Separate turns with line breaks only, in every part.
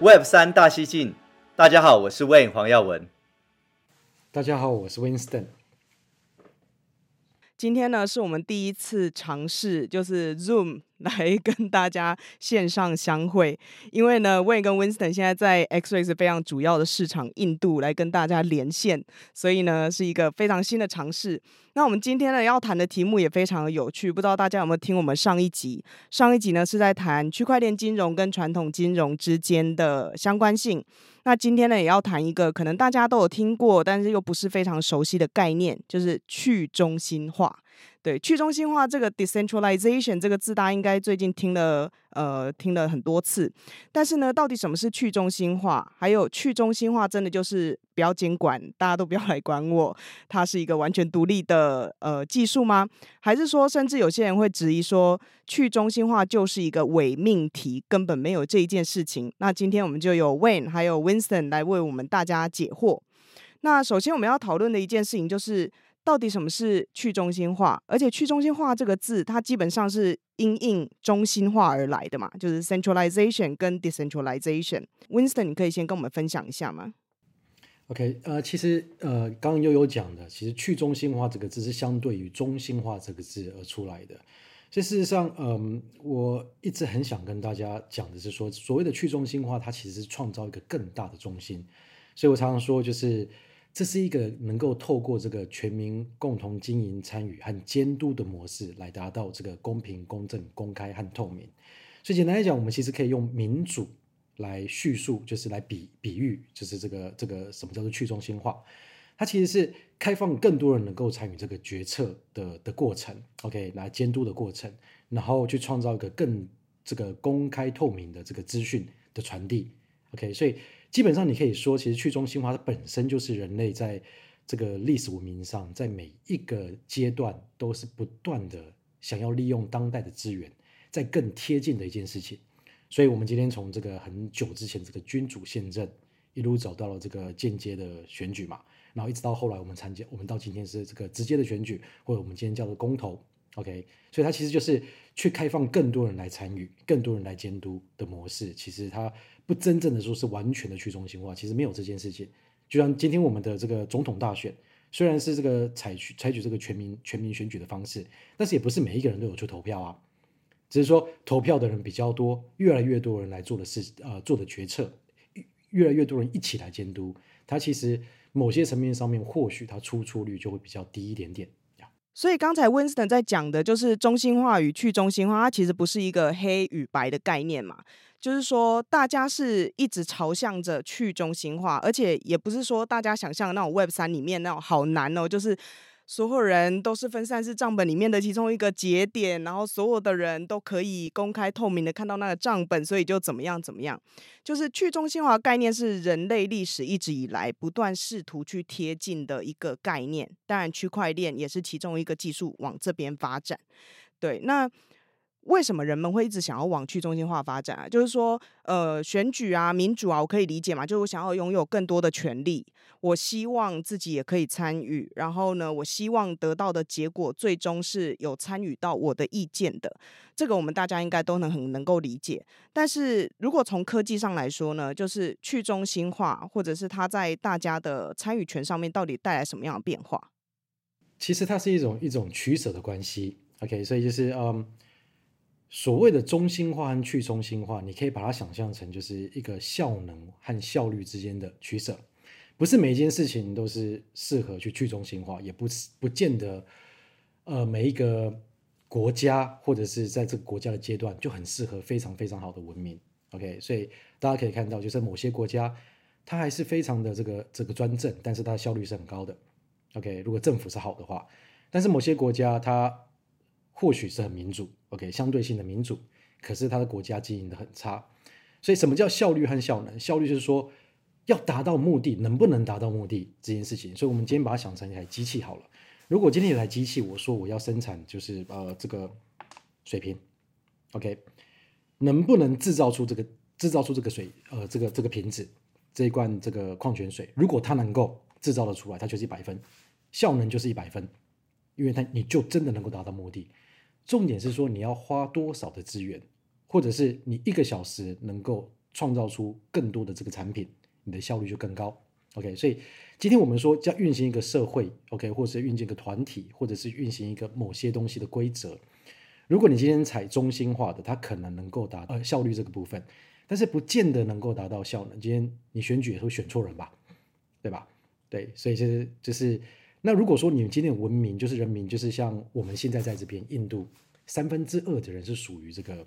Web3 大西進，大家好，我是 Wayne 黃耀
文。大家好，我是 Winston。今
天呢，是我們第一次嘗試，就是 Zoom。來跟大家線上相會，因為呢，Wayne 跟 Winston 現在在 XREX 非常主要的市場，印度來跟大家連線，所以呢，是一個非常新的嘗試。那我們今天呢，要談的題目也非常有趣，不知道大家有沒有聽我們上一集？上一集呢，是在談區塊鏈金融跟傳統金融之間的相關性。那今天呢，也要談一個可能大家都有聽過，但是又不是非常熟悉的概念，就是去中心化。對，去中心化這個 decentralization 這個字，大家應該最近聽了，呃，聽了很多次。但是呢，到底什麼是去中心化？還有去中心化真的就是不要監管，大家都不要來管我？它是一個完全獨立的呃技術嗎？還是說，甚至有些人會質疑說，去中心化就是一個偽命題，根本沒有這一件事情？那今天我們就由 Wayne 還有 Winston 來為我們大家解惑。那首先我們要討論的一件事情就是。到底什麼是去中心化？而且“去中心化”這個字，它基本上是因應中心化而來的嘛，就是 centralization 跟 decentralization。Winston，你可以先跟我們分享一下嗎
？OK，呃，其實呃，剛剛 Yoyo 講的，其實“去中心化”這個字是相對於“中心化”這個字而出來的。所以事實上，嗯、呃，我一直很想跟大家講的是說，所謂的去中心化，它其實是創造一個更大的中心。所以我常常說，就是。這是一個能夠透過這個全民共同經營、參與和監督的模式來達到這個公平、公正、公開和透明。所以簡單來講，我們其實可以用民主來敘述，就是來比比喻，就是這個這個什麼叫做去中心化？它其實是開放更多人能夠參與這個決策的的過程，OK，來監督的過程，然後去創造一個更這個公開透明的這個資訊的傳遞，OK，所以。基本上，你可以說，其實去中心化它本身就是人類在這個歷史文明上，在每一個階段都是不斷的想要利用當代的資源，在更貼近的一件事情。所以，我們今天從這個很久之前這個君主憲政，一路走到了這個間接的選舉嘛，然後一直到後來我們參加，我們到今天是這個直接的選舉，或者我們今天叫做公投。OK，所以它其實就是去開放更多人來參與，更多人來監督的模式。其實它不真正的說是完全的去中心化，其實沒有這件事情。就像今天我們的這個總統大選，雖然是這個採取採取這個全民全民選舉的方式，但是也不是每一個人都有去投票啊。只是說投票的人比較多，越來越多人來做的事呃做的決策，越來越多人一起來監督，它其實某些層面上面或許它出錯率就會比較低一點點。
所以剛才 Winston 在講的就是中心化與去中心化，它其實不是一個黑與白的概念嘛，就是說大家是一直朝向着去中心化，而且也不是說大家想象的那種 Web 三裡面那種好難哦，就是。所有人都是分散式賬本裡面的其中一個節點，然後所有的人都可以公開透明的看到那個賬本，所以就怎麼樣怎麼樣，就是去中心化概念是人類歷史一直以來不斷試圖去貼近的一個概念。當然，區塊鏈也是其中一個技術往這邊發展。對，那為什麼人們會一直想要往去中心化發展啊？就是說，呃，選舉啊，民主啊，我可以理解嘛，就是我想要擁有更多的權利。我希望自己也可以參與，然後呢，我希望得到的結果最終是有參與到我的意見的。這個我們大家應該都能很能夠理解。但是如果從科技上來說呢，就是去中心化，或者是它在大家的參與權上面到底帶來什麼樣的變化？
其實它是一種一種取捨的關係。OK，所以就是嗯，um, 所謂的中心化跟去中心化，你可以把它想象成就是一個效能和效率之間的取捨。不是每一件事情都是適合去去中心化，也不是不見得，呃，每一個國家或者是在這個國家的階段就很適合非常非常好的文明。OK，所以大家可以看到，就是某些國家它還是非常的這個這個專政，但是它的效率是很高的。OK，如果政府是好的話，但是某些國家它或許是很民主，OK 相對性的民主，可是它的國家經營得很差。所以什麼叫效率和效能？效率就是說。要達到目的，能不能達到目的這件事情？所以，我們今天把它想成一台機器好了。如果今天有台機器，我說我要生產，就是呃這個水瓶，OK，能不能制造出這個制造出這個水呃這個這個瓶子，這一罐這個礦泉水？如果它能夠制造得出來，它就是一百分，效能就是一百分，因為它你就真的能夠達到目的。重點是說，你要花多少的資源，或者是你一個小時能夠創造出更多的這個產品。你的效率就更高。OK，所以今天我們說要運行一個社會，OK，或者是運行一個團體，或者是運行一個某些東西的規則。如果你今天採中心化的，它可能能夠達到效率這個部分，但是不見得能夠達到效能。今天你選舉的時候選錯人吧？對吧？對，所以就是就是那如果說你們今天的文明就是人民，就是像我們現在在這邊印度，三分之二的人是屬於這個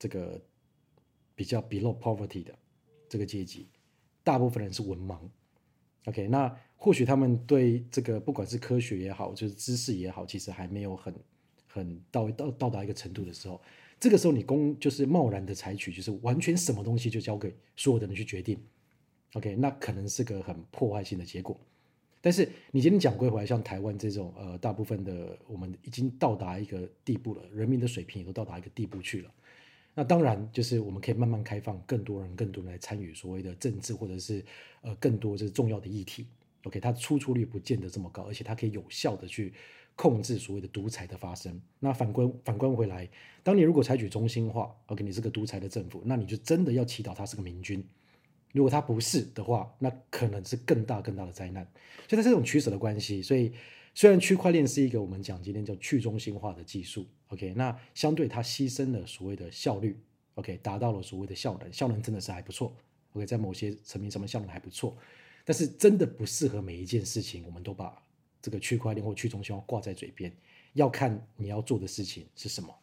這個比較 below poverty 的這個階級。大部分人是文盲，OK，那或許他們對這個不管是科學也好，就是知識也好，其實還沒有很很到到到達一個程度的時候，這個時候你公就是貿然的採取，就是完全什麼東西就交給所有的人去決定，OK，那可能是個很破壞性的結果。但是你今天講歸還，像台灣這種呃，大部分的我們已經到達一個地步了，人民的水平也都到達一個地步去了。那當然，就是我們可以慢慢開放更多人、更多人來參與所謂的政治，或者是呃更多就是重要的議題。OK，它出錯率不見得這麼高，而且它可以有效的去控制所謂的獨裁的發生。那反觀反觀回來，當你如果採取中心化，OK，你是個獨裁的政府，那你就真的要祈禱它是個明君。如果它不是的話，那可能是更大更大的災難。就在這種取舍的關係，所以。雖然區塊鏈是一個我們講今天叫去中心化的技術，OK，那相對它犧牲了所謂的效率，OK，達到了所謂的效能，效能真的是還不錯，OK，在某些層面上面，效能還不錯，但是真的不適合每一件事情，我們都把這個區塊鏈或去中心化掛在嘴邊，要看你要做的事情是什麼。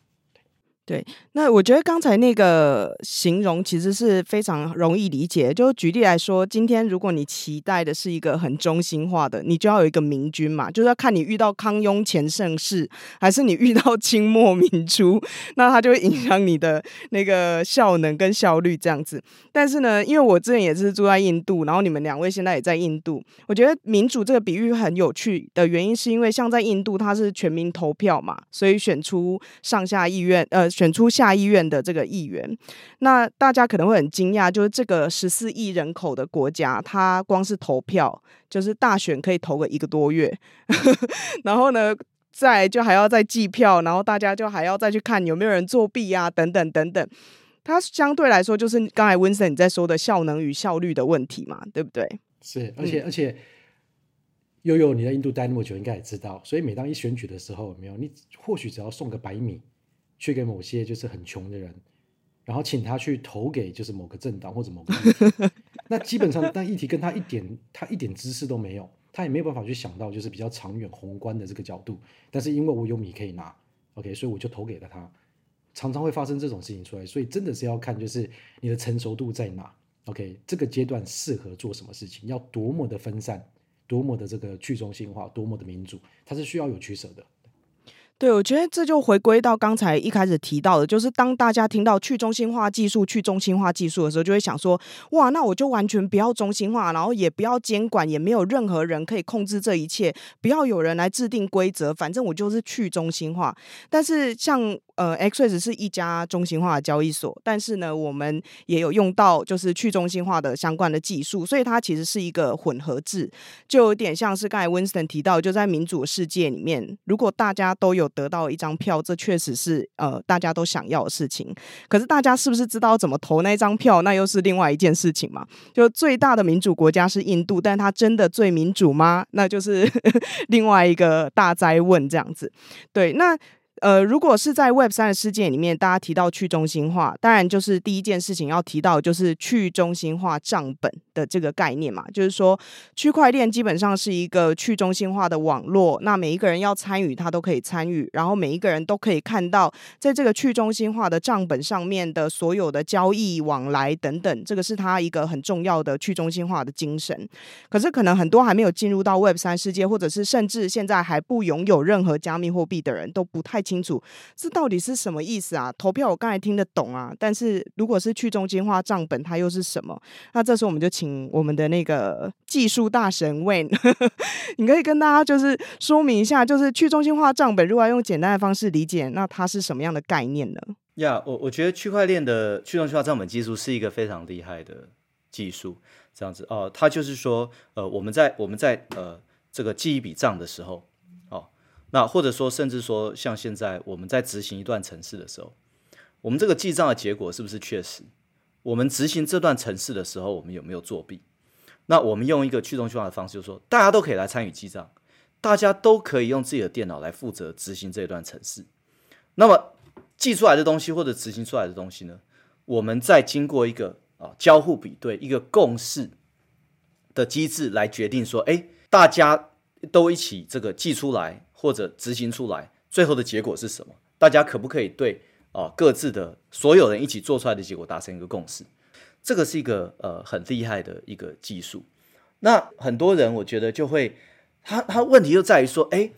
對，那我覺得剛才那個形容其實是非常容易理解。就舉例來說，今天如果你期待的是一個很中心化的，你就要有一個明君嘛，就是要看你遇到康雍乾盛世，還是你遇到清末民初，那它就會影響你的那個效能跟效率這樣子。但是呢，因為我之前也是住在印度，然後你們兩位現在也在印度，我覺得民主這個比喻很有趣的原因，是因為像在印度它是全民投票嘛，所以選出上下議院，呃。選出下議院的這個議員，那大家可能會很驚訝，就是這個十四億人口的國家，它光是投票就是大選可以投個一個多月，呵呵然後呢，再就還要再計票，然後大家就還要再去看有沒有人作弊啊，等等等等，它相對來說就是剛才 Winston 你在說的效能與效率的問題嘛，對不對？
是，而且、嗯、而且，Yoyo 你在印度待那麼久，應該也知道，所以每當一選舉的時候，沒有你或許只要送個白米。去給某些就是很窮的人，然後請他去投給就是某個政黨或者某個，那基本上但議題跟他一點他一點知識都沒有，他也沒有辦法去想到就是比較長遠宏觀的這個角度。但是因為我有米可以拿，OK，所以我就投給了他。常常會發生這種事情出來，所以真的是要看就是你的成熟度在哪。OK，這個階段適合做什麼事情，要多麼的分散，多麼的這個去中心化，多麼的民主，它是需要有取捨的。
對，我覺得這就回歸到剛才一開始提到的，就是當大家聽到去中心化技術、去中心化技術的時候，就會想說，哇，那我就完全不要中心化，然後也不要監管，也沒有任何人可以控制這一切，不要有人來制定規則，反正我就是去中心化。但是像，呃，XREX 交易所是一家中心化的交易所，但是呢，我們也有用到就是去中心化的相關的技術，所以它其實是一個混合制，就有點像是剛才 Winston 提到的，就在民主世界裡面，如果大家都有得到一張票，這確實是呃大家都想要的事情，可是大家是不是知道怎麼投那一張票，那又是另外一件事情嘛？就最大的民主國家是印度，但它真的最民主嗎？那就是 另外一個大哉問這樣子。對，那。呃，如果是在 Web3 的世界裡面，大家提到去中心化，當然就是第一件事情要提到就是去中心化賬本的這個概念嘛，就是說區塊鏈基本上是一個去中心化的網絡，那每一個人要參與他都可以參與，然後每一個人都可以看到在這個去中心化的賬本上面的所有的交易往來等等，這個是他一個很重要的去中心化的精神。可是可能很多還沒有進入到 Web3 世界，或者是甚至現在還不擁有任何加密貨幣的人，都不太，清楚，這到底是什麼意思啊？投票我剛才聽得懂啊，但是如果是去中心化賬本，它又是什麼？那這時候我們就請我們的那個技術大神 Wayne， 你可以跟大家就是說明一下，就是去中心化賬本，如果要用簡單的方式理解，那它是什麼樣的概念呢？
呀、yeah,，我我覺得區塊鏈的去中心化賬本技術是一個非常厲害的技術。這樣子哦，它就是說，呃，我們在我們在呃這個記一筆賬的時候。那或者說，甚至說，像現在我們在執行一段程式的時候，我們這個記賬的結果是不是確實？我們執行這段程式的時候，我們有沒有作弊？那我們用一個去中心化的方式，就是說大家都可以來參與記賬，大家都可以用自己的電腦來負責執行這一段程式。那麼記出來的東西或者執行出來的東西呢？我們再經過一個啊交互比對、一個共識的機制來決定說，哎，大家都一起這個記出來。或者執行出來，最後的結果是什麼？大家可不可以對啊、呃、各自的所有人一起做出來的結果達成一個共識？這個是一個呃很厲害的一個技術。那很多人我覺得就會，他他問題就在於說，哎，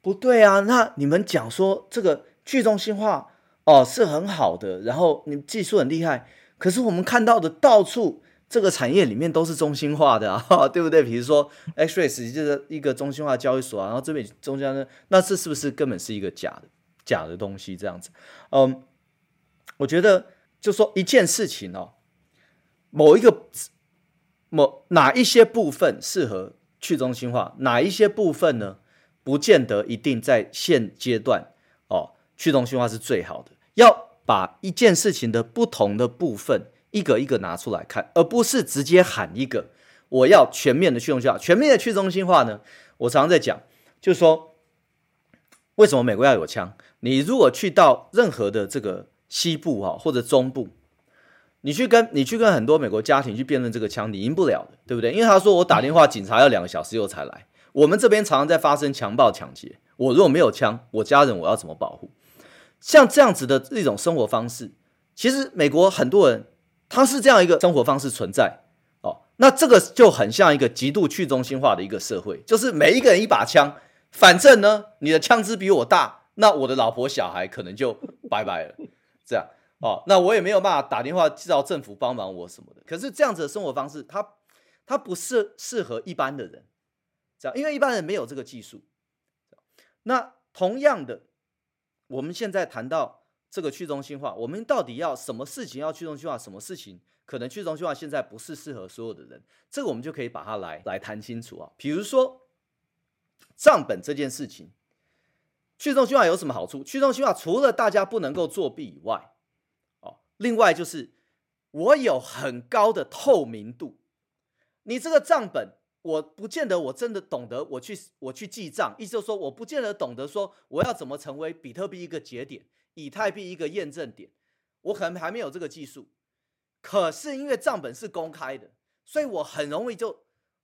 不對啊！那你們講說這個去中心化哦是很好的，然後你們技術很厲害，可是我們看到的到處。這個產業裡面都是中心化的啊，對不對？比如說 XREX 就是一個中心化交易所啊，然後這邊中間呢，那這是不是根本是一個假的、假的東西？這樣子。嗯，我覺得就說一件事情哦，某一個某哪一些部分適合去中心化，哪一些部分呢，不見得一定在現階段哦，去中心化是最好的。要把一件事情的不同的部分，一個一個拿出來看，而不是直接喊一個我要全面的去中心化，全面的去中心化呢。我常常在講，就是說為什麼美國要有槍？你如果去到任何的這個西部哈、哦，或者中部，你去跟你去跟很多美國家庭去辯論這個槍，你贏不了了，對不對？因為他說我打電話警察要兩個小時以後才來，我們這邊常常在發生強暴搶劫，我如果沒有槍，我家人我要怎麼保護？像這樣子的一種生活方式，其實美國很多人，它是這樣一個生活方式存在哦，那這個就很像一個極度去中心化的一個社會，就是每一個人一把槍，反正呢，你的槍支比我大，那我的老婆小孩可能就拜拜了，這樣哦，那我也沒有辦法打電話去找政府幫忙我什麼的。可是這樣子的生活方式，它它不是適合一般的人，這樣，因為一般人沒有這個技術。那同樣的，我們現在談到。這個去中心化，我們到底要什麼事情要去中心化？什麼事情可能去中心化現在不是適合所有的人？這個我們就可以把它來來談清楚啊。比如說賬本這件事情，去中心化有什麼好處？去中心化除了大家不能夠作弊以外，哦，另外就是我有很高的透明度，你這個賬本。我不見得我真的懂得我去我去記賬，意思就是說，我不見得懂得說我要怎麼成為比特幣一個節點，以太幣一個驗證點，我可能還沒有這個技術。可是因為賬本是公開的，所以我很容易就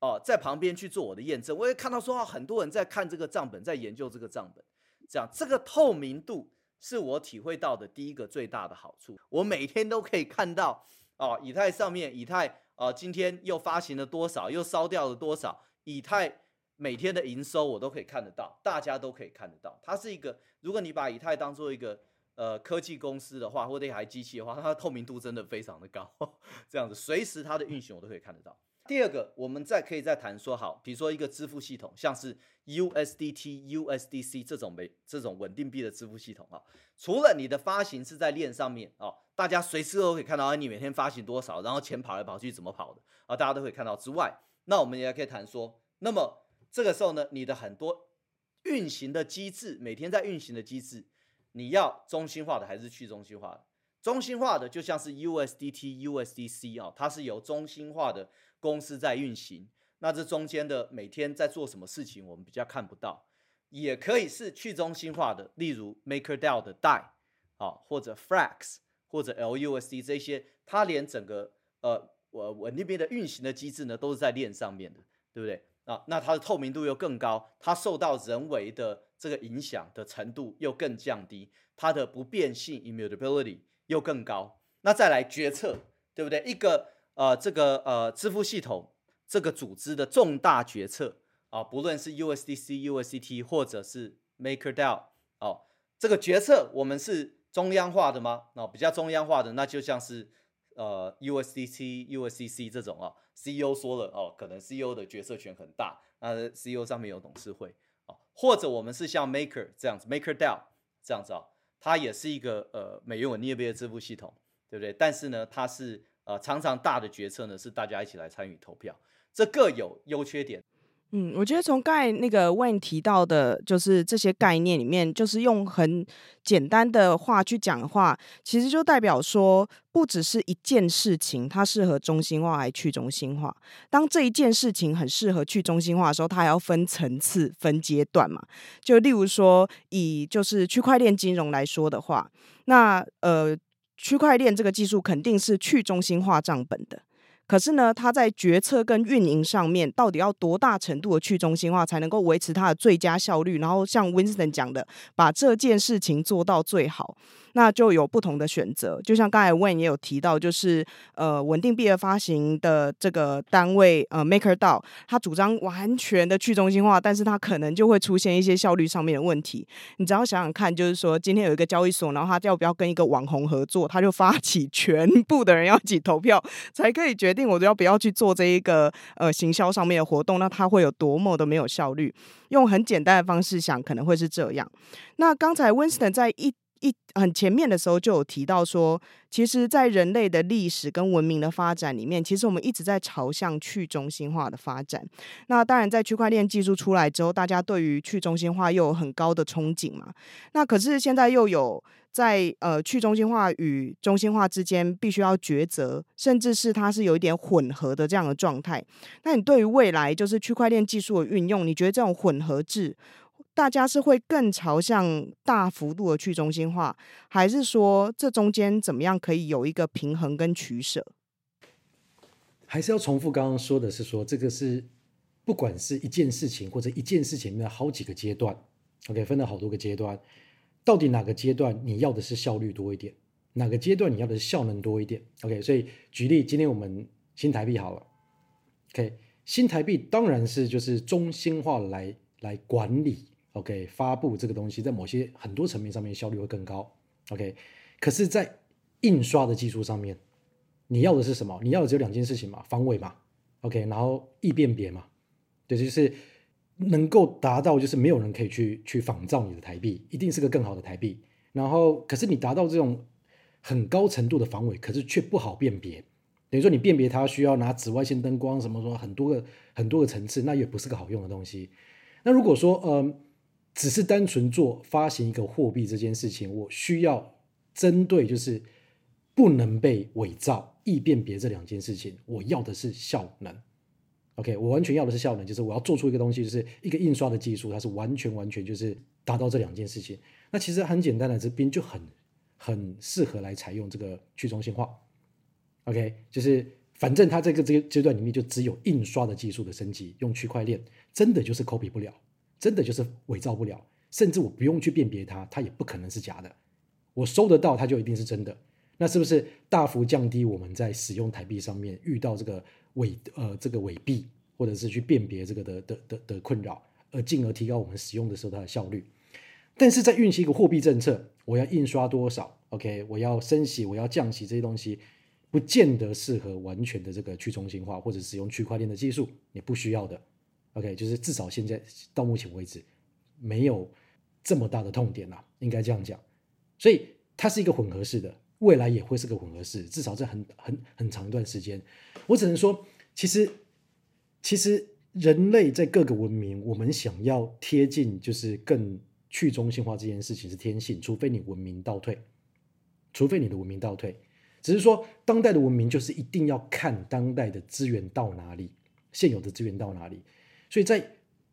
哦、呃、在旁邊去做我的驗證。我也看到說很多人在看這個賬本，在研究這個賬本，這樣這個透明度是我體會到的第一個最大的好處。我每天都可以看到哦、呃、以太上面以太。啊、哦，今天又發行了多少？又燒掉了多少？以太每天的營收我都可以看得到，大家都可以看得到。它是一個，如果你把以太當做一個呃科技公司的話，或者一台機器的話，它的透明度真的非常的高，呵呵，這樣子，隨時它的運行我都可以看得到。第二個，我們再可以再談說，好，比如說一個支付系統，像是 USDT、USDC 這種沒這種穩定幣的支付系統啊、哦，除了你的發行是在鏈上面啊。哦大家隨時都可以看到啊，你每天發行多少，然後錢跑來跑去怎麼跑的啊，大家都可以看到之外，那我們也可以談說，那麼這個時候呢，你的很多運行的機制，每天在運行的機制，你要中心化的還是去中心化的？中心化的就像是 USDT、USDC 啊、哦，它是由中心化的公司在運行。那這中間的每天在做什麼事情，我們比較看不到。也可以是去中心化的，例如 MakerDAO 的 DAI 啊、哦，或者 FRAX。或者 LUSD 這些，它連整個呃，我我那邊的運行的機制呢，都是在鏈上面的，對不對？啊、哦，那它的透明度又更高，它受到人為的這個影響的程度又更降低，它的不變性 （immutability） 又更高。那再來決策，對不對？一個呃，這個呃，支付系統這個組織的重大決策啊、哦，不論是 USDC、USDT 或者是 MakerDAO 啊、哦，這個決策我們是。中央化的嗎？那、哦、比較中央化的，那就像是呃 USDC USDC 這種啊、哦，CEO 說了哦，可能 CEO 的決策權很大。那 CEO 上面有董事會啊、哦，或者我們是像 Maker 這樣子，MakerDAO 這樣子啊、哦，它也是一個呃美元穩定幣的支付系統，對不對？但是呢，它是呃常常大的決策呢是大家一起來參與投票，這各有優缺點。
嗯，我覺得從概那個 Wayne 提到的，就是這些概念裡面，就是用很簡單的話去講的話，其實就代表說，不只是一件事情，它適合中心化還去中心化。當這一件事情很適合去中心化的時候，它還要分層次、分階段嘛。就例如說，以就是區塊鏈金融來說的話，那呃，區塊鏈這個技術肯定是去中心化賬本的。可是呢，他在決策跟運營上面，到底要多大程度的去中心化才能夠維持他的最佳效率？然後像 Winston 講的，把這件事情做到最好。那就有不同的選擇，就像剛才 Wayne 也有提到，就是呃，穩定幣的發行的這個單位呃 MakerDAO，他主張完全的去中心化，但是他可能就會出現一些效率上面的問題。你只要想想看，就是說今天有一個交易所，然後他要不要跟一個網紅合作，他就發起全部的人要一起投票才可以決定，我都要不要去做這一個呃行銷上面的活動，那他會有多麼的沒有效率？用很簡單的方式想，可能會是這樣。那剛才 Winston 在一。一很前面的時候就有提到說，其實，在人類的歷史跟文明的發展裡面，其實我們一直在朝向去中心化的發展。那當然，在區塊鏈技術出來之後，大家對於去中心化又有很高的憧憬嘛。那可是現在又有在呃去中心化與中心化之間必須要抉擇，甚至是它是有一點混合的這樣的狀態。那你對於未來就是區塊鏈技術的運用，你覺得這種混合制？大家是會更朝向大幅度的去中心化？還是說這中間怎麼樣可以有一個平衡跟取
捨？還是要重複剛剛說的是說，這個是不管是一件事情或者一件事情的好幾個階段，OK，分了好多個階段，到底哪個階段你要的是效率多一點，哪個階段你要的是效能多一點？OK，所以舉例今天我們新台幣好了，OK，新台幣當然是就是中心化來來管理。OK，發布這個東西在某些很多層面上面效率會更高。OK，可是，在印刷的技術上面，你要的是什麼？你要的只有兩件事情嘛，防偽嘛。OK，然後易辨別嘛。對，就是能夠達到就是沒有人可以去去仿造你的台幣，一定是個更好的台幣。然後，可是你達到這種很高程度的防偽，可是卻不好辨別。等於說，你辨別它需要拿紫外線燈光什麼什麼很多個很多個層次，那也不是個好用的東西。那如果說呃。只是單純做發行一個貨幣這件事情，我需要針對就是不能被偽造、易辨別這兩件事情，我要的是效能。OK，我完全要的是效能，就是我要做出一個東西，就是一個印刷的技術，它是完全完全就是達到這兩件事情。那其實很簡單的，這邊就很很適合來採用這個去中心化。OK，就是反正它這個這個階段裡面就只有印刷的技術的升級，用區塊鏈真的就是 copy 不了。真的就是偽造不了，甚至我不用去辨別它，它也不可能是假的。我收得到，它就一定是真的。那是不是大幅降低我們在使用台幣上面遇到這個偽呃這個偽幣，或者是去辨別這個的的的的困擾，而進而提高我們使用的時候它的效率？但是在運行一個貨幣政策，我要印刷多少？OK，我要升息，我要降息，這些東西不見得適合完全的這個去中心化或者使用區塊鏈的技術，也不需要的。OK，就是至少現在到目前為止沒有這麼大的痛點啦、啊，應該這樣講。所以它是一個混合式的，未來也會是個混合式，至少在很很很長一段時間。我只能說，其實其實人類在各個文明，我們想要貼近就是更去中心化這件事情是天性，除非你文明倒退，除非你的文明倒退。只是說，當代的文明就是一定要看當代的資源到哪裡，現有的資源到哪裡。所以在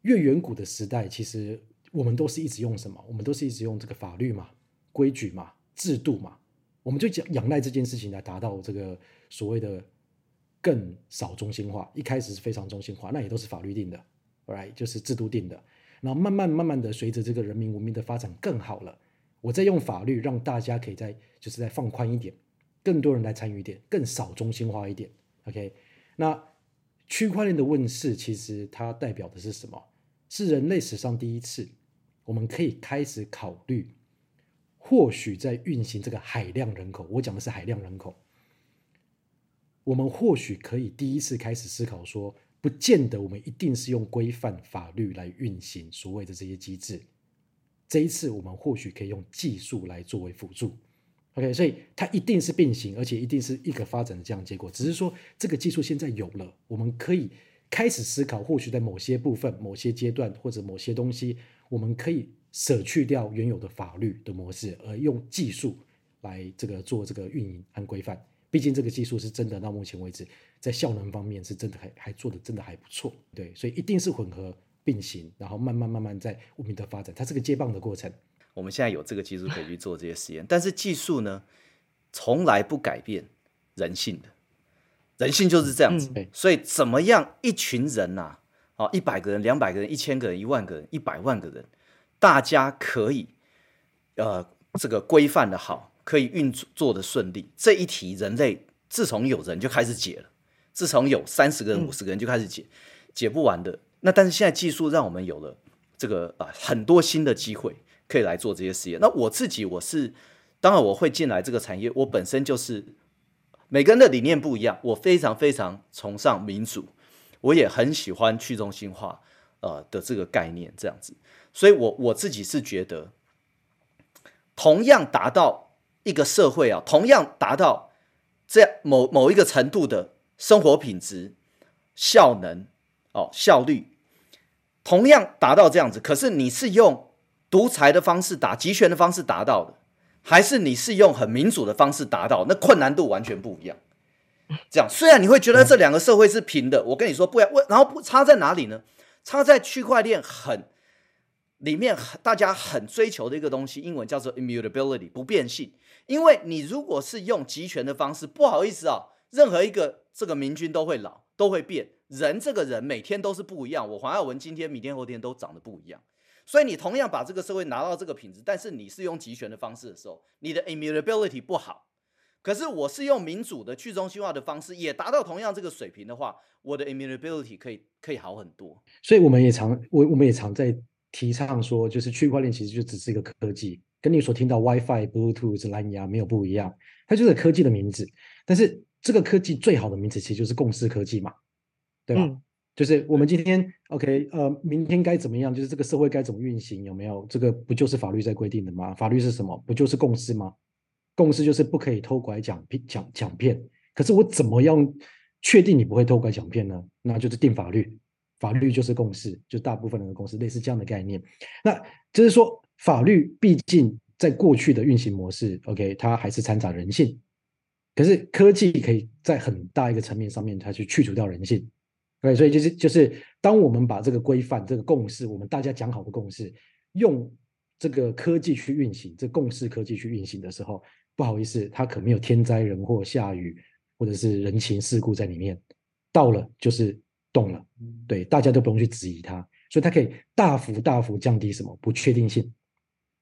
越遠古的時代，其實我們都是一直用什麼？我們都是一直用這個法律嘛、規矩嘛、制度嘛，我們就仰賴這件事情來達到這個所謂的更少中心化。一開始是非常中心化，那也都是法律定的，right？就是制度定的。然後慢慢慢慢的，隨着這個人民文明的發展更好了，我再用法律讓大家可以再就是再放寬一點，更多人來參與一點，更少中心化一點。OK，那。區塊鏈的問世，其實它代表的是什麼？是人類史上第一次，我們可以開始考慮，或許在運行這個海量人口，我講的是海量人口，我們或許可以第一次開始思考，說不見得我們一定是用規範法律來運行所謂的這些機制，這一次我們或許可以用技術來作為輔助。OK，所以它一定是並行，而且一定是一個發展的這樣的結果。只是說，這個技術現在有了，我們可以開始思考，或許在某些部分、某些階段或者某些東西，我們可以捨去掉原有的法律的模式，而用技術來這個做這個運營和規範。畢竟這個技術是真的，到目前為止，在效能方面是真的還還做得真的還不錯。對，所以一定是混合並行，然後慢慢慢慢在文明的發展，它是個接棒的過程。
我們現在有這個技術可以去做這些實驗，但是技術呢，從來不改變人性的，人性就是這樣子。嗯、所以怎麼樣，一群人吶，啊，哦、一百個人、兩百個人、一千個人、一萬個人、一百萬個人，大家可以，呃，這個規範的好，可以運作的順利。這一題人類自從有人就開始解了，自從有三十個人、五十個人就開始解、嗯，解不完的。那但是現在技術讓我們有了這個啊、呃、很多新的機會。可以來做這些事業，那我自己我是，當然我會進來這個產業。我本身就是每個人的理念不一樣。我非常非常崇尚民主，我也很喜歡去中心化呃的這個概念這樣子。所以我，我我自己是覺得，同樣達到一個社會啊，同樣達到這樣某某一個程度的生活品質、效能哦、效率，同樣達到這樣子。可是你是用。獨裁的方式打集權的方式達到的？還是你是用很民主的方式達到的，那困難度完全不一樣。這樣，雖然你會覺得這兩個社會是平的，我跟你說不要，然後不差在哪裡呢？差在區塊鏈很裡面，大家很追求的一個東西，英文叫做 immutability 不變性。因為你如果是用集權的方式，不好意思啊、哦，任何一個這個明君都會老，都會變。人，這個人每天都是不一樣。我黃耀文今天、明天、後天都長得不一樣。所以你同樣把這個社會拿到這個品質，但是你是用集權的方式的時候，你的 immutability 不好。可是我是用民主的去中心化的方式，也達到同樣這個水平的話，我的 immutability 可以可以好很多。
所以我們也常我我們也常在提倡說，就是區塊鏈其實就只是一個科技，跟你所聽到 Wi-Fi、Bluetooth、藍牙沒有不一樣，它就是科技的名字。但是這個科技最好的名字其實就是共識科技嘛，對吧？嗯就是我們今天 OK，呃，明天該怎麼樣？就是這個社會該怎麼運行？有沒有？這個不就是法律在規定的嗎？法律是什麼？不就是共識嗎？共識就是不可以偷拐搶騙，搶搶騙。可是我怎麼樣確定你不會偷拐搶騙呢？那就是定法律，法律就是共識，就大部分人的共識，類似這樣的概念。那就是說，法律畢竟在過去的運行模式 OK，它還是摻雜人性。可是科技可以在很大一個層面上面，它去去除掉人性。對、okay，所以就是就是，當我們把這個規範、這個共識，我們大家講好的共識，用這個科技去運行，這共識科技去運行的時候，不好意思，它可沒有天災人禍、下雨或者是人情世故在裡面，到了就是動了，對，大家都不用去質疑它，所以它可以大幅大幅降低什麼不確定性。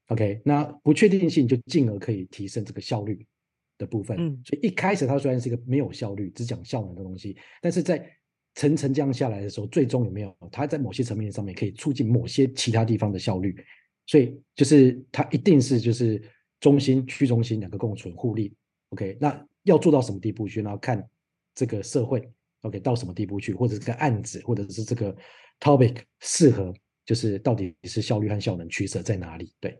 OK，那不確定性就進而可以提升這個效率的部分。所以一開始它雖然是一個沒有效率、只講效能的東西，但是在層層降下來的時候，最終有沒有它在某些層面上面可以促進某些其他地方的效率？所以就是它一定是就是中心去中心兩個共存互利。OK，那要做到什麼地步去？然後看這個社會 OK 到什麼地步去，或者這個案子或者是這個 topic 適合就是到底是效率和效能取捨在哪裡？對。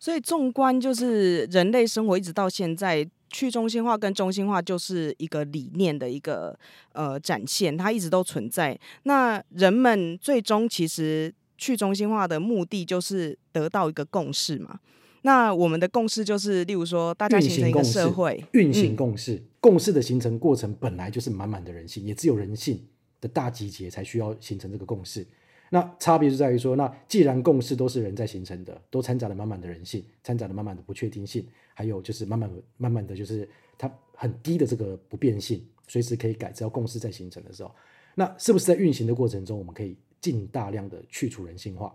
所以縱觀就是人類生活一直到現在。去中心化跟中心化就是一個理念的一個呃展現，它一直都存在。那人們最終其實去中心化的目的就是得到一個共識嘛。那我們的共識就是，例如說大家形成一個社會，運行共識，運行
共識，嗯。共識的形成過程本來就是滿滿的人性，也只有人性的大集結才需要形成這個共識。那差別就在於說，那既然共識都是人在形成的，都摻雜了滿滿的人性，摻雜了滿滿的不確定性，還有就是滿滿的、滿滿的就是它很低的這個不變性，隨時可以改。只要共識在形成的時候，那是不是在運行的過程中，我們可以盡大量的去除人性化？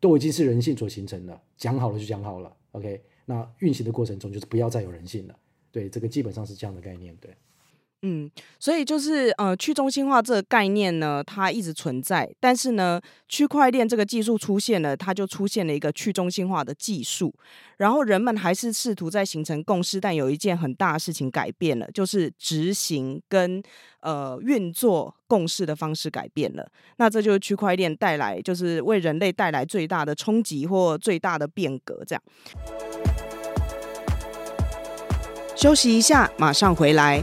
都已經是人性所形成的，講好了就講好了，OK。那運行的過程中就是不要再有人性了，對，這個基本上是這樣的概念，對。
嗯，所以就是呃，去中心化這個概念呢，它一直存在，但是呢，區塊鏈這個技術出現了，它就出現了一個去中心化的技術，然後人們還是試圖在形成共識，但有一件很大的事情改變了，就是執行跟呃運作共識的方式改變了，那這就是區塊鏈帶來就是為人類帶來最大的衝擊或最大的變革。這樣，休息一下，馬上回來。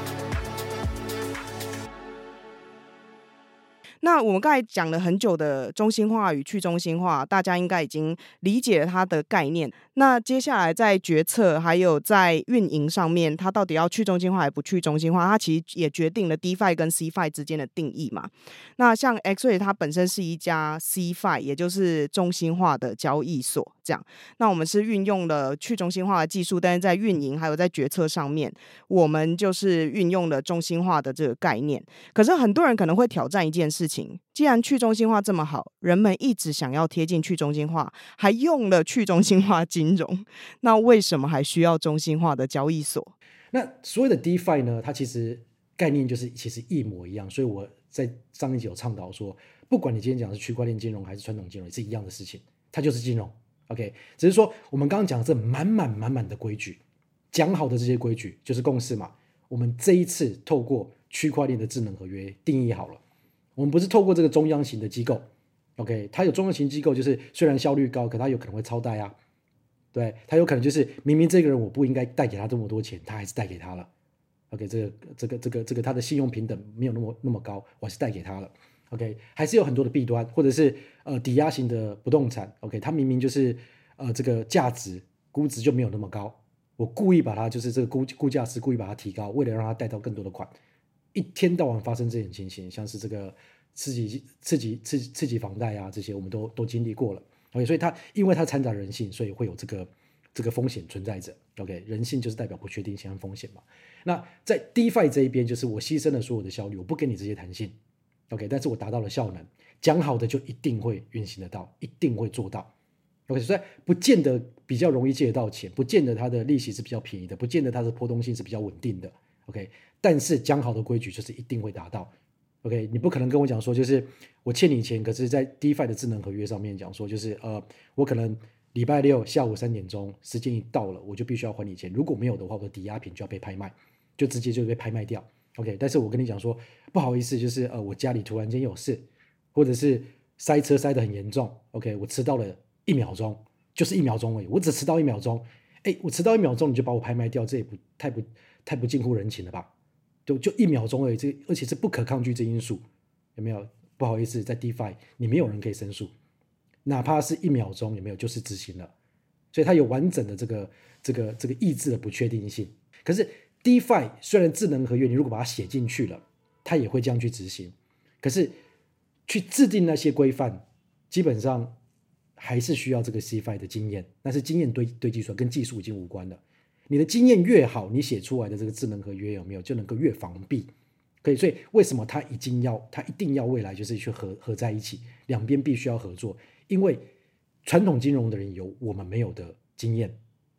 那我們剛才講了很久的中心化與去中心化，大家應該已經理解了它的概念。那接下來在決策還有在運營上面，它到底要去中心化還不去中心化，它其實也決定了 DeFi 跟 CeFi 之間的定義嘛。那像 XREX 它本身是一家 CeFi，也就是中心化的交易所，這樣。那我們是運用了去中心化的技術，但是在運營還有在決策上面，我們就是運用了中心化的這個概念。可是很多人可能會挑戰一件事情。既然去中心化這麼好，人們一直想要貼近去中心化，還用了去中心化金融，那為什
麼還需要中心化的交易所？那所謂的 DeFi 呢？它其實概念就是其實一模一樣。所以我在上一集有倡導說，不管你今天講的是區塊鏈金融還是傳統金融，是一樣的事情，它就是金融。OK，只是說我們剛剛講的這滿滿滿滿的規矩，講好的這些規矩就是共識嘛。我們這一次透過區塊鏈的智能合約定義好了。我們不是透過這個中央型的機構，OK，它有中央型機構，就是雖然效率高，可它有可能會超貸啊，對，它有可能就是明明這個人我不應該貸給他這麼多錢，他還是貸給他了，OK，這個這個這個這個他的信用評等沒有那麼那麼高，我還是貸給他了，OK，還是有很多的弊端，或者是呃抵押型的不動產，OK，他明明就是呃這個價值估值就沒有那麼高，我故意把它就是這個估估價師故意把它提高，為了讓他貸到更多的款。一天到晚發生這種情形，像是這個次級、次級、次級、次級房貸啊，這些我們都都經歷過了。OK，所以它因為它摻雜人性，所以會有這個這個風險存在着。OK，人性就是代表不確定性跟風險嘛。那在 DeFi 這一邊，就是我犧牲了所有的效率，我不給你這些彈性。OK，但是我達到了效能，講好的就一定會運行得到，一定會做到。OK，所以不見得比較容易借得到錢，不見得它的利息是比較便宜的，不見得它的波動性是比較穩定的。OK，但是講好的規矩就是一定會達到。OK，你不可能跟我講說，就是我欠你錢，可是，在 DeFi 的智能合約上面講說，就是呃，我可能禮拜六下午三點鐘時間一到了，我就必須要還你錢。如果沒有的話，我的抵押品就要被拍賣，就直接就被拍賣掉。OK，但是我跟你講說，不好意思，就是呃，我家裡突然間有事，或者是塞車塞得很嚴重。OK，我遲到了一秒鐘，就是一秒鐘而已，我只遲到一秒鐘，誒，我遲到一秒鐘你就把我拍賣掉，這也不太不。太不近乎人情了吧？就就一秒鐘而已，這而且是不可抗拒這因素，有沒有？不好意思，在 DeFi 你沒有人可以申訴，哪怕是一秒鐘，有沒有？就是執行了，所以它有完整的這個這個這個意志的不確定性。可是 DeFi 雖然智能合約你如果把它寫進去了，它也會這樣去執行。可是去制定那些規範，基本上還是需要這個 CeFi 的經驗，但是經驗堆堆計算跟技術已經無關了。你的經驗越好，你寫出來的這個智能合約有沒有就能夠越防弊，可以。所以為什麼它一定要，它一定要未來就是去合合在一起，兩邊必須要合作，因為傳統金融的人有我們沒有的經驗，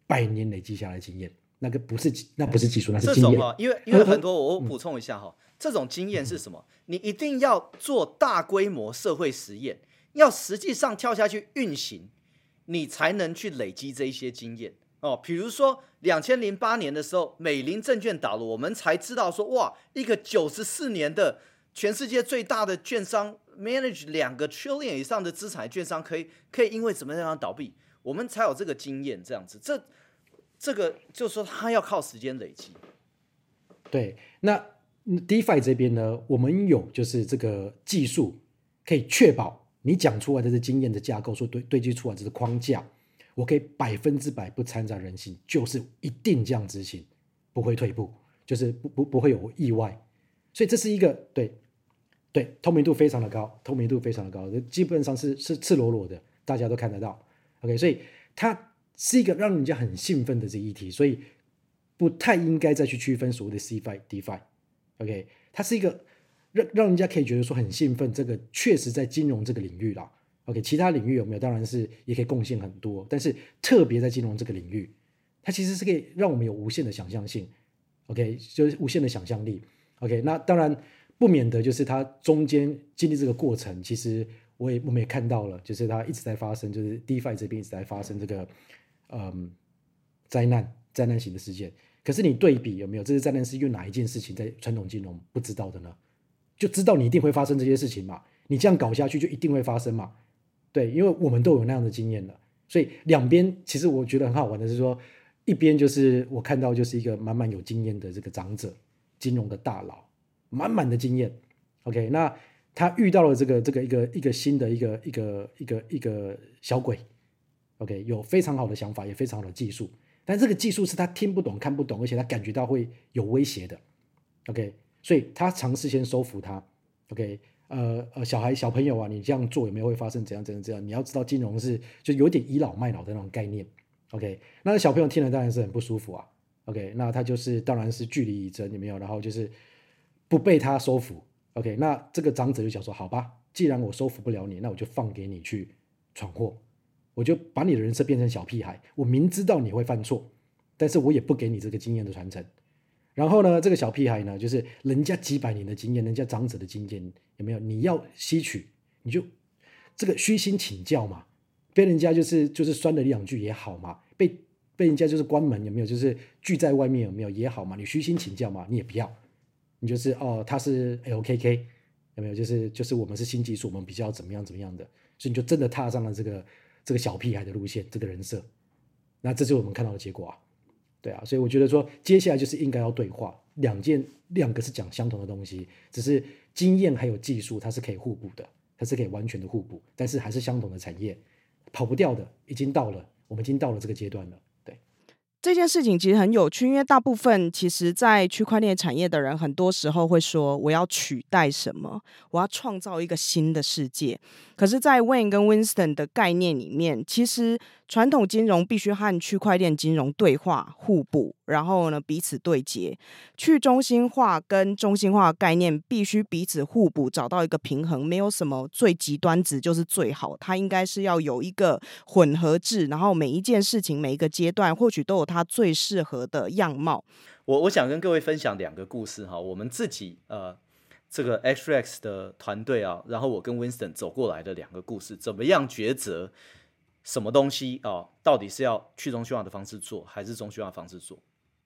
百年累積下來經驗，那個不是那不是技術，那是經驗、啊、因為因為很多他他我補充一下哈、嗯，
這種經驗是什麼？你一定要做大規模社會實驗、嗯，要實際上跳下去運行，你才能去累積這一些經驗。哦，比如說兩千零八年的時候，美林證券倒了，我們才知道說，哇，一個九十四年的全世界最大的券商，manage 兩個 trillion 以上的資產，券商可以可以因為什麼樣的倒閉，我們才有這個經驗，這樣子，這這個就是說，他要靠時間累積。
對，那 DeFi 這邊呢，我們有就是這個技術，可以確保你講出來的這經驗的架構，所堆堆積出來這個框架。我可以百分之百不摻雜人性，就是一定這樣執行，不會退步，就是不不不會有意外，所以這是一個對對透明度非常的高，透明度非常的高，基本上是是赤裸裸的，大家都看得到。OK，所以它是一個讓人家很興奮的這議題，所以不太應該再去區分所謂的 CeFi DeFi。OK，它是一個讓讓人家可以覺得說很興奮，這個確實在金融這個領域啦。OK，其他領域有沒有？當然是也可以貢獻很多，但是特別在金融這個領域，它其實是可以讓我們有無限的想象性。OK，就是無限的想象力。OK，那當然不免的就是它中間經歷這個過程，其實我也我們也看到了，就是它一直在發生，就是 DeFi 這邊一直在發生這個嗯災難、災難型的事件。可是你對比有沒有？這是災難是用哪一件事情在傳統金融不知道的呢？就知道你一定會發生這些事情嘛？你這樣搞下去就一定會發生嘛？對，因為我們都有那樣的經驗了，所以兩邊其實我覺得很好玩的是說，一邊就是我看到就是一個滿滿有經驗的這個長者，金融的大佬，滿滿的經驗。OK，那他遇到了這個這個一個一個新的一個一個一個一個，一個小鬼，OK，有非常好的想法，也非常好的技術，但這個技術是他聽不懂、看不懂，而且他感覺到會有威脅的。OK，所以他嘗試先收服他。OK。呃呃，小孩小朋友啊，你這樣做有沒有會發生怎樣怎樣怎樣，怎樣，怎樣？你要知道金融是就有點倚老賣老的那種概念。OK，那小朋友聽了當然是很不舒服啊。OK，那他就是當然是距離以增據理力爭有沒有？然後就是不被他收服。OK，那這個長者就想說，好吧，既然我收服不了你，那我就放給你去闖禍，我就把你的人設變成小屁孩。我明知道你會犯錯，但是我也不給你這個經驗的傳承。然後呢，這個小屁孩呢，就是人家幾百年的經驗，人家長者的經驗有沒有？你要吸取，你就這個虛心請教嘛，被人家就是就是酸了兩句也好嘛，被被人家就是關門有沒有？就是拒在外面有沒有也好嘛，你虛心請教嘛，你也不要，你就是哦，他是 LKK 有沒有？就是就是我們是新技術，我們比較怎麼樣怎麼樣的，所以你就真的踏上了這個這個小屁孩的路線、這個人設，那這是我們看到的結果啊。對啊，所以我覺得說，接下來就是應該要對話，兩件兩個是講相同的東西，只是經驗還有技術，它是可以互補的，它是可以完全的互補，但是還是相同的產業，跑不掉的，已經到了，我們已經到了這個階段了。這
件事情其實很有趣，因為大部分其實，在區塊鏈產業的人，很多時候會說我要取代什麼，我要創造一個新的世界。可是，在 Wayne 跟 Winston 的概念裡面，其實傳統金融必須和區塊鏈金融對話、互補，然後呢彼此對接。去中心化跟中心化概念必須彼此互補，找到一個平衡。沒有什麼最極端值就是最好，它應該是要有一個混合制。然後每一件事情、每一個階段，或許都有，他
最適合的樣貌，我我想跟各位分享兩個故事哈、哦。我們自己呃，這個 XREX 的團隊啊，然後我跟 Winston 走過來的兩個故事，怎麼樣抉擇什麼東西啊、哦？到底是要去中心化的方式做，還是中心化的方式做？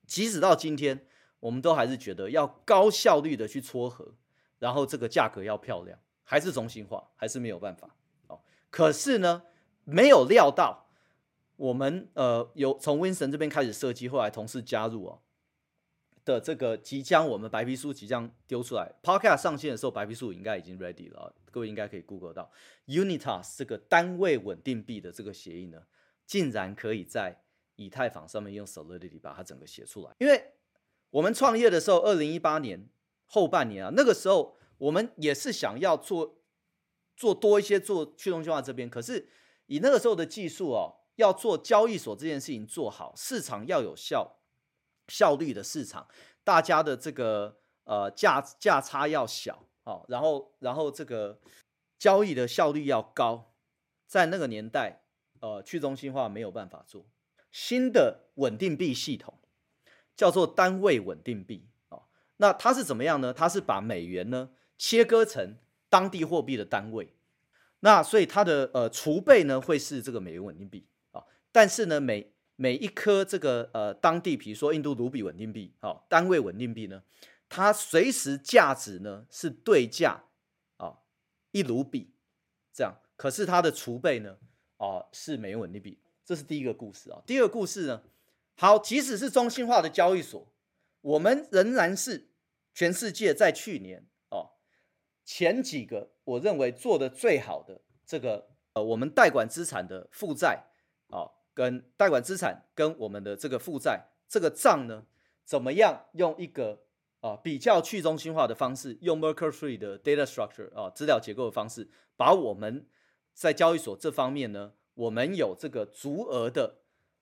即使到今天，我們都還是覺得要高效率的去撮合，然後這個價格要漂亮，還是中心化，還是沒有辦法哦。可是呢，沒有料到。我們呃有從 Win 神這邊開始設計，後來同事加入哦的這個即將我們白皮書即將丟出來 p o c a e t 上線的時候，白皮書應該已經 ready 了、哦，各位應該可以 Google 到 Unitas 這個單位穩定幣的這個協議呢，竟然可以在以太坊上面用 Solidity 把它整個寫出來。因為我們創業的時候，二零一八年後半年啊，那個時候我們也是想要做做多一些做去中心化這邊，可是以那個時候的技術哦。要做交易所這件事情做好，市場要有效效率的市場，大家的這個呃價價差要小，好、哦，然後然後這個交易的效率要高，在那個年代，呃，去中心化沒有辦法做新的穩定幣系統，叫做單位穩定幣哦。那它是怎麼樣呢？它是把美元呢切割成當地貨幣的單位，那所以它的呃儲備呢會是這個美元穩定幣。但是呢，每每一顆這個呃當地比如說印度盧比穩定幣，好、哦、單位穩定幣呢，它隨時價值呢是對價啊、哦、一盧比這樣，可是它的儲備呢啊、哦、是美元穩定幣，這是第一個故事啊、哦。第二個故事呢，好，即使是中心化的交易所，我們仍然是全世界在去年啊、哦、前幾個我認為做得最好的這個呃我們代管資產的負債。跟貸款資產跟我們的這個負債這個賬呢，怎麼樣用一個啊、呃、比較去中心化的方式，用 Merkle Tree 的 data structure 啊、呃、資料結構的方式，把我們在交易所這方面呢，我們有這個足額的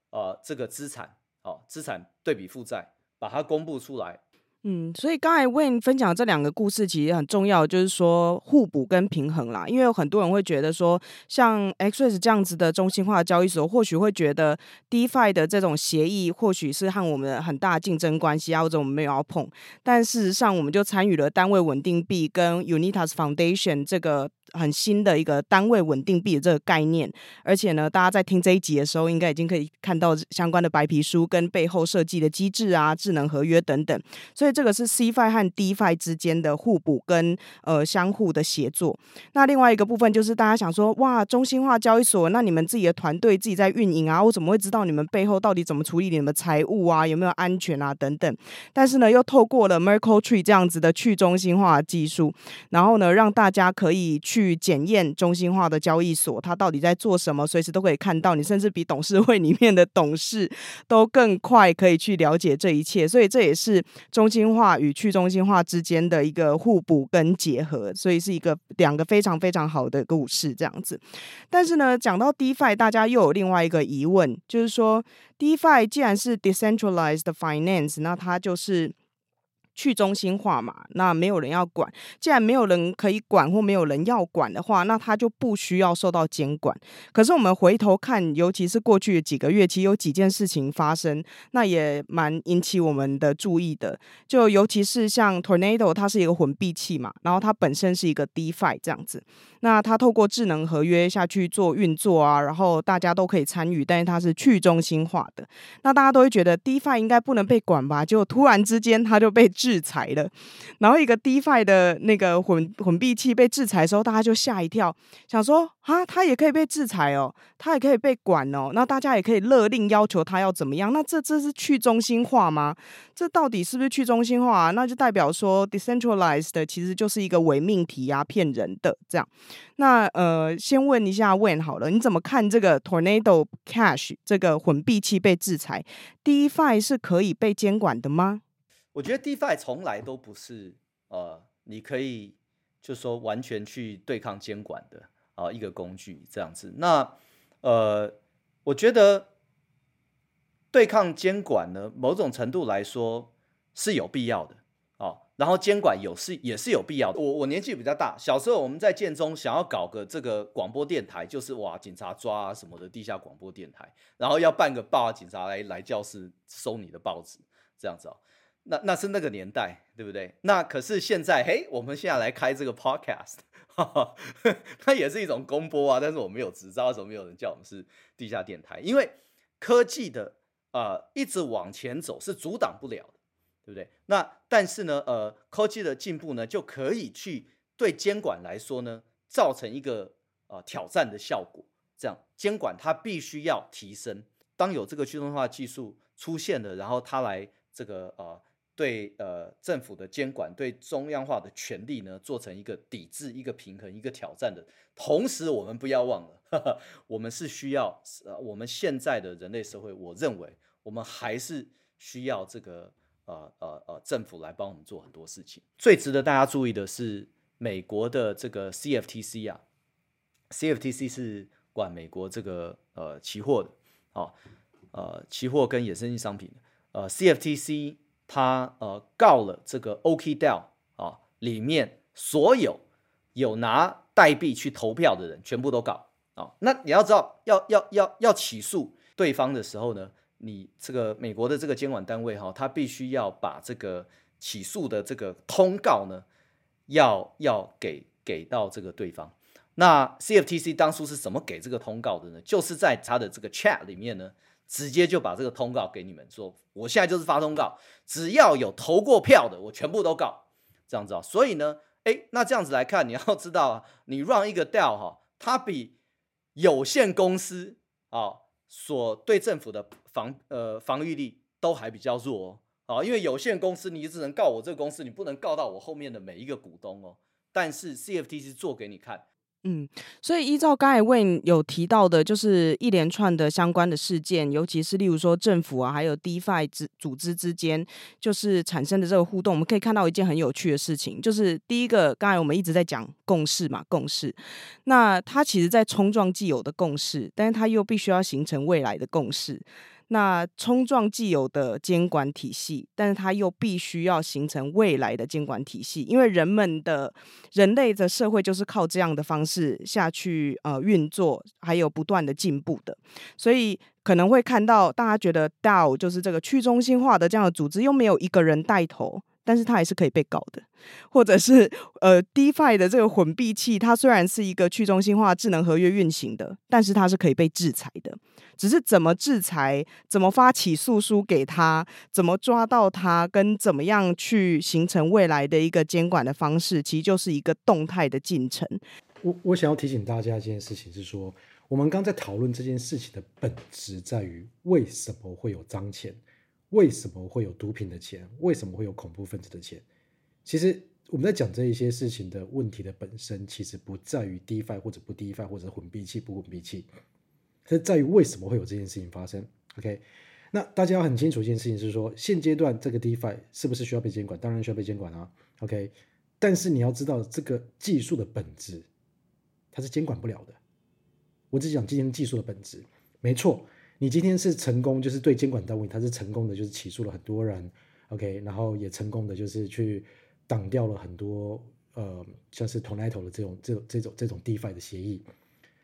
啊、呃、這個資產啊資、呃、產對比負債，把它公布出來。
嗯，所以剛才 Win 分享的這兩個故事，其實很重要，就是說互補跟平衡啦。因為有很多人會覺得說，像 XREX 這樣子的中心化交易所，或許會覺得 DeFi 的這種協議，或許是和我們很大競爭關係啊，或者我們沒有要碰。但事實上，我們就參與了單位穩定幣跟 Unitas Foundation 這個。很新的一個單位穩定幣的這個概念，而且呢，大家在聽這一集的時候，應該已經可以看到相關的白皮書跟背後設計的機制啊、智能合約等等。所以這個是 CeFi 和 DeFi 之間的互補跟呃相互的協作。那另外一個部分就是大家想說，哇，中心化交易所，那你們自己的團隊自己在運營啊，我怎麼會知道你們背後到底怎麼處理你們財務啊、有沒有安全啊等等？但是呢，又透過了 Merkle Tree 這樣子的去中心化技術，然後呢，讓大家可以去。去檢驗中心化的交易所，它到底在做什麼？隨時都可以看到，你甚至比董事會裡面的董事都更快可以去了解這一切。所以這也是中心化與去中心化之間的一個互補跟結合，所以是一個兩個非常非常好的故事這樣子。但是呢，講到 DeFi，大家又有另外一個疑問，就是說 DeFi 既然是 Decentralized Finance，那它就是。去中心化嘛，那沒有人要管。既然沒有人可以管或沒有人要管的話，那他就不需要受到監管。可是我們回頭看，尤其是過去幾個月，其實有幾件事情發生，那也蠻引起我們的注意的。就尤其是像 Tornado，它是一個混幣器嘛，然後它本身是一個 DeFi 這樣子。那它透過智能合約下去做運作啊，然後大家都可以參與，但是它是去中心化的。那大家都會覺得 DeFi 應該不能被管吧？結果突然之間，它就被制裁的，然後一個 DeFi 的那個混混幣器被制裁的時候，大家就嚇一跳，想說啊，它也可以被制裁哦，它也可以被管哦，那大家也可以勒令要求它要怎麼樣？那這這是去中心化嗎？這到底是不是去中心化，啊？那就代表說 Decentralized 的其實就是一個偽命題呀，啊，騙人的這樣。那呃，先問一下 Wayne 好了，你怎麼看這個 Tornado Cash 這個混幣器被制裁？DeFi 是可以被監管的嗎？
我覺得 DeFi 從來都不是呃，你可以就是說完全去對抗監管的啊、呃、一個工具這樣子。那呃，我覺得對抗監管呢，某種程度來說是有必要的啊、哦。然後監管有是也是有必要的。我我年紀比較大，小時候我們在建中想要搞個這個廣播電台，就是哇警察抓、啊、什麼的地下廣播電台，然後要辦個報、啊，警察來來教室收你的報紙這樣子哦。那那是那個年代，對不對？那可是現在，嘿，我們現在來開這個 podcast，它也是一種公播啊。但是我們沒有執照，知道為什麼沒有人叫我們是地下電台？因為科技的呃一直往前走是阻擋不了的，對不對？那但是呢，呃，科技的進步呢，就可以去對監管來說呢，造成一個呃挑戰的效果，這樣監管它必須要提升。當有這個去中心化技術出現了，然後它來這個呃。對呃，政府的監管，對中央化的權力呢，做成一個抵制、一個平衡、一個挑戰的。同時，我們不要忘了，呵呵我們是需要、呃，我們現在的人類社會，我認為我們還是需要這個呃呃呃政府來幫我們做很多事情。最值得大家注意的是，美國的這個 CFTC 啊，CFTC 是管美國這個呃期貨的啊、哦，呃期貨跟衍生性商品，呃 CFTC。他呃告了這個 Ooki DAO 啊、哦，裡面所有有拿代幣去投票的人，全部都告啊、哦。那你要知道，要要要要起訴對方的時候呢，你這個美國的這個監管單位哈、哦，他必須要把這個起訴的這個通告呢，要要給給到這個對方。那 CFTC 當初是怎麼給這個通告的呢？就是在他的這個 chat 裡面呢。直接就把這個通告給你們做，我現在就是發通告，只要有投過票的，我全部都告，這樣子啊、哦。所以呢，誒，那這樣子來看，你要知道啊，你 run 一個 DAO 哈、哦，它比有限公司啊、哦、所對政府的防呃防禦力都還比較弱啊、哦哦，因為有限公司你只能告我這個公司，你不能告到我後面的每一個股東哦。但是 CFTC 是做給你看。
嗯，所以依照剛才 Win 有提到的，就是一連串的相關的事件，尤其是例如說政府啊，還有 DeFi 之組織之間，就是產生的這個互動，我們可以看到一件很有趣的事情，就是第一個，剛才我們一直在講共識嘛，共識，那它其實在衝撞既有的共識，但是它又必須要形成未來的共識。那衝撞既有的監管體系，但是它又必須要形成未來的監管體系，因為人們的、人類的社會就是靠這樣的方式下去呃運作，還有不斷的進步的，所以可能會看到大家覺得 DAO 就是這個去中心化的這樣的組織，又沒有一個人帶頭。但是它還是可以被告的，或者是呃，DeFi 的這個混幣器，它雖然是一個去中心化智能合約運行的，但是它是可以被制裁的。只是怎麼制裁、怎麼發起訴書給他、怎麼抓到他，跟怎麼樣去形成未來的一個監管的方
式，其實就是一個動態的進程。我我想要提醒大家一件事情是說，我們剛在討論這件事情的本質在於為什麼會有髒錢。為什麼會有毒品的錢？為什麼會有恐怖分子的錢？其實我們在講這一些事情的問題的本身，其實不在於 DeFi 或者不 DeFi，或者是混幣器不混幣器，是在於為什麼會有這件事情發生。OK，那大家要很清楚一件事情是說，現階段這個 DeFi 是不是需要被監管？當然需要被監管啊。OK，但是你要知道這個技術的本質，它是監管不了的。我只講今天技術的本質，沒錯。你今天是成功，就是對監管單位，他是成功的，就是起訴了很多人，OK，然後也成功的，就是去擋掉了很多，呃，像是 Tornado 的這種這,這種這種這種 DeFi 的協議。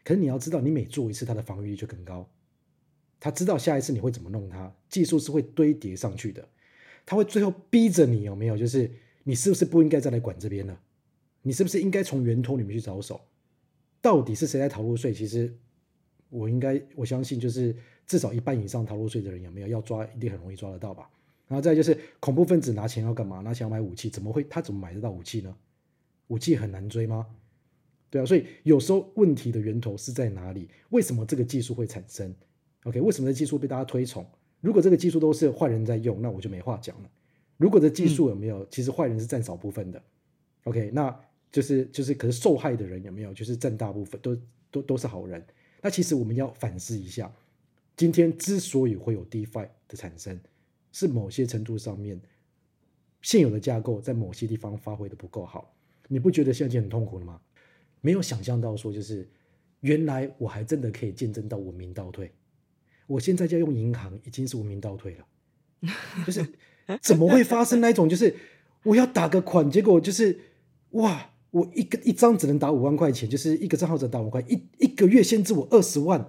可是你要知道，你每做一次，它的防御力就更高。他知道下一次你會怎麼弄他，技術是會堆疊上去的，他會最後逼着你有沒有？就是你是不是不應該再來管這邊呢、啊？你是不是應該從源頭裡面去着手？到底是誰在逃漏稅？其實我應該我相信就是。至少一半以上逃漏稅的人有沒有要抓？一定很容易抓得到吧？然後再就是恐怖分子拿錢要幹嘛？拿錢買武器，怎麼會他怎麼買得到武器呢？武器很難追嗎？對啊，所以有時候問題的源頭是在哪裡？為什麼這個技術會產生？OK？為什麼這技術被大家推崇？如果這個技術都是壞人在用，那我就沒話講了。如果這技術有沒有、嗯、其實壞人是占少部分的，OK？那就是就是可是受害的人有沒有就是占大部分都都都是好人？那其實我們要反思一下。今天之所以會有 DeFi 的產生，是某些程度上面現有的架構在某些地方發揮得不夠好。你不覺得現在已經很痛苦了嗎？沒有想象到說，就是原來我還真的可以見證到文明倒退。我現在就用銀行已經是文明倒退了，就是怎麼會發生那種？就是我要打個款，結果就是哇，我一個一張只能打五萬塊錢，就是一個賬號只能打五塊一，一個月限制我二十萬。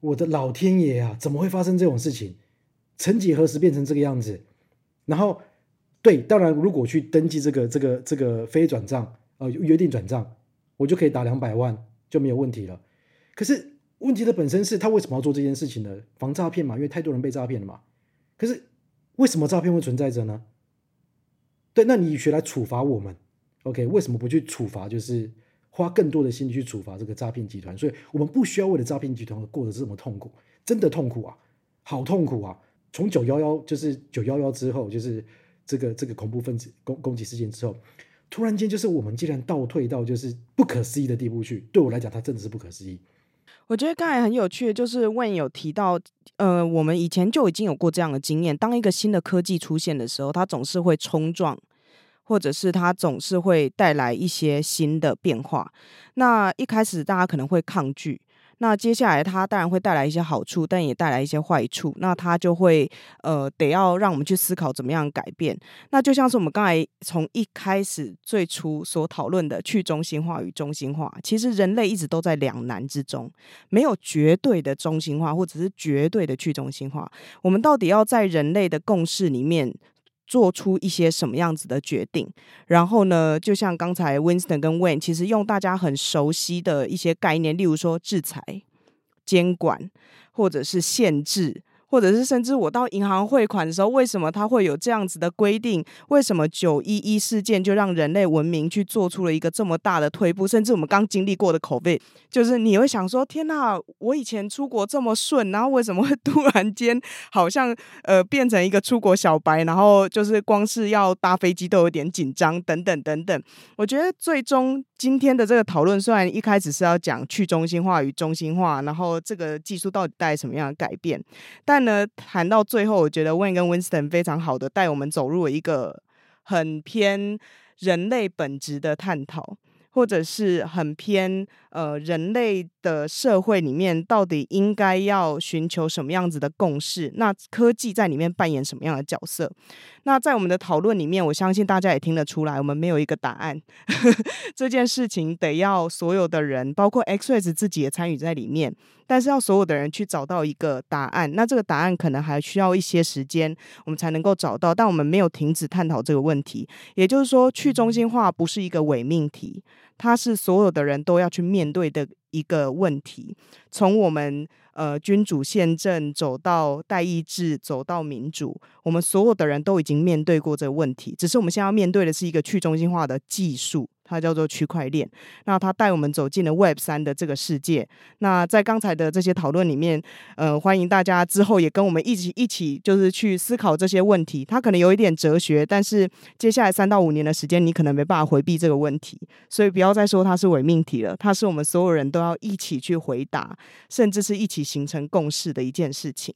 我的老天爺啊！怎麼會發生這種事情？曾幾何時變成這個樣子？然後，對，當然，如果去登記這個、這個、這個非轉賬，呃，約定轉賬，我就可以打兩百萬就沒有問題了。可是問題的本身是他為什麼要做這件事情呢？防詐騙嘛，因為太多人被詐騙了嘛。可是為什麼詐騙會存在着呢？對，那你學來處罰我們，OK？為什麼不去處罰？就是。花更多的心去處罰這個詐騙集團，所以我們不需要為了詐騙集團而過得這麼痛苦，真的痛苦啊，好痛苦啊！從九幺幺就是九幺幺之後，就是這個這個恐怖分子攻攻擊事件之後，突然間就是我們竟然倒退到就是不可思議的地步去，對我來講，它真的是不可思議。我
覺得剛才很有趣，就是 Wayne 有提到，呃，我們以前就已經有過這樣的經驗，當一個新的科技出現的時候，它總是會衝撞。或者是它總是會帶來一些新的變化，那一開始大家可能會抗拒，那接下來它當然會帶來一些好處，但也帶來一些壞處，那它就會呃得要讓我們去思考怎麼樣改變。那就像是我們剛才從一開始最初所討論的去中心化與中心化，其實人類一直都在兩難之中，沒有絕對的中心化，或者是絕對的去中心化。我們到底要在人類的共識裡面…做出一些什麼樣子的決定。然後呢，就像剛才 Winston 跟 Wayne，其實用大家很熟悉的一些概念，例如說制裁、監管或者是限制。或者是甚至我到銀行匯款的時候，為什麼它會有這樣子的規定？為什麼九一一事件就讓人類文明去做出了一個這麼大的退步？甚至我們剛經歷過的 COVID，就是你會想說：天哪，我以前出國這麼順，然後為什麼會突然間好像呃變成一個出國小白？然後就是光是要搭飛機都有點緊張，等等等等。我覺得最終今天的這個討論，雖然一開始是要講去中心化與中心化，然後這個技術到底帶來什麼樣的改變，但但呢，談到最後，我覺得 Wayne 跟 Winston 非常好的帶我們走入了一個很偏人類本質的探討，或者是很偏呃人類的社會裡面，到底應該要尋求什麼樣子的共識？那科技在裡面扮演什麼樣的角色？那在我們的討論裡面，我相信大家也聽得出來，我們沒有一個答案。 這件事情得要所有的人，包括 XREX 交易所自己也參與在裡面，但是要所有的人去找到一個答案。那這個答案可能還需要一些時間，我們才能夠找到。但我們沒有停止探討這個問題。也就是說，去中心化不是一個偽命題。它是所有的人都要去面對的一個問題。從我們呃君主憲政走到代議制，走到民主，我們所有的人都已經面對過這個問題。只是我們現在要面對的是一個去中心化的技術。它叫做區塊鏈，那它帶我們走進了 Web3 的這個世界。那在剛才的這些討論裡面，呃，歡迎大家之後也跟我們一起一起就是去思考這些問題。它可能有一點哲學，但是接下來三到五年的時間，你可能沒辦法回避這個問題，所以不要再說它是偽命題了。它是我們所有人都要一起去回答，甚至是一起形成共識的一件事情。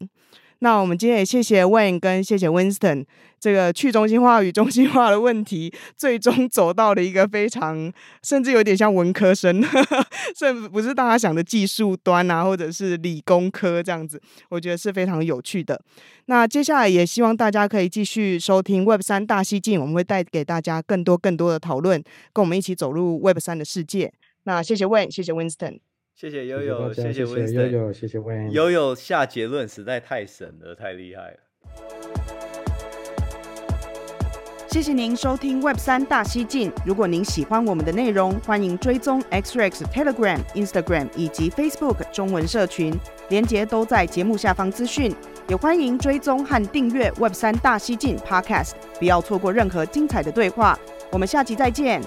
那我們今天也謝謝 Wayne，跟謝謝 Winston，這個去中心化與中心化的問題，最終走到了一個非常，甚至有點像文科生，呵呵甚至不是大家想的技術端啊，或者是理工科這樣子，我覺得是非常有趣的。那接下來也希望大家可以繼續收聽 Web 三大西進，我們會帶給大家更多更多的討論，跟我們一起走入 Web 三的世界。那謝謝 Wayne，謝謝 Winston。
謝謝 Yoyo，謝
謝
Winston，Yoyo 下結論實在太神了，太厲害了。
謝謝您收聽 Web3 大西進。如果您喜歡我們的內容，歡迎追蹤 XREX Telegram、Instagram 以及 Facebook 中文社群，鏈接都在節目下方資訊。也歡迎追蹤和訂閱 Web3 大西進 Podcast，不要錯過任何精彩的對話。我們下期再見。